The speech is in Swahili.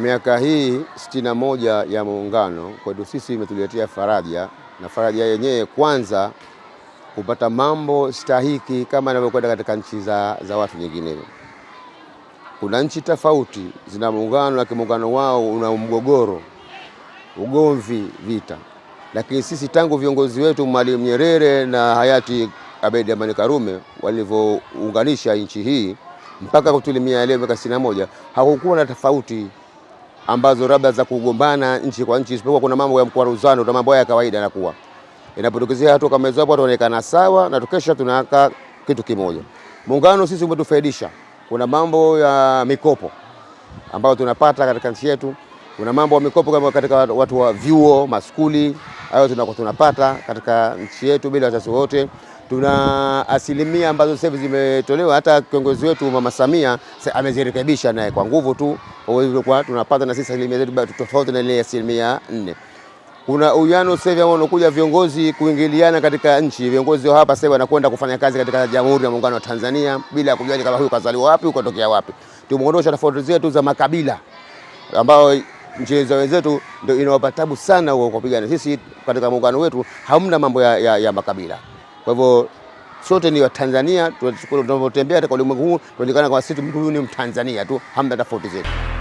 miaka hii sitini na moja ya Muungano kwetu sisi imetuletea faraja, na faraja yenyewe kwanza kupata mambo stahiki kama inavyokwenda katika nchi za, za watu nyingine. Kuna nchi tofauti zina muungano, lakini muungano wao una mgogoro, ugomvi, vita, lakini sisi tangu viongozi wetu Mwalimu Nyerere na hayati Abeid Amani Karume walivyounganisha nchi hii mpaka kutulimia leo miaka sitini na moja hakukuwa na tofauti ambazo labda za kugombana nchi kwa nchi, isipokuwa kuna mambo ya mkwaruzano na mambo ya kawaida yanakuwa inapotokezea hatu kama hizo hapo, tunaonekana sawa na tukesha tunaka kitu kimoja. Muungano sisi umetufaidisha, kuna mambo ya mikopo ambayo tunapata katika nchi yetu, kuna mambo ya mikopo kama katika watu wa vyuo maskuli, hayo tunakuwa tunapata katika nchi yetu bila wasiwasi wote tuna asilimia ambazo sasa zimetolewa. Hata kiongozi wetu Mama Samia amezirekebisha naye kwa nguvu tu, kwa tunapata na sisi asilimia zetu tofauti na ile asilimia nne. Kuna uyano sasa hivi unakuja viongozi kuingiliana katika nchi. Viongozi wa hapa sasa wanakwenda kufanya kazi katika Jamhuri ya Muungano wa Tanzania bila kujali kama huyu kazaliwa wapi, ukatokea wapi. Tumeondosha tofauti zetu za makabila ambao nchi za wenzetu ndio inawapa tabu sana huko kupigana. Sisi katika muungano wetu hamna mambo ya, ya, ya makabila. Kwa hivyo sote ni Watanzania, tunapotembea katika ulimwengu huu tunaonekana kama sisi, huyu ni Mtanzania tu, hamna tofauti zetu.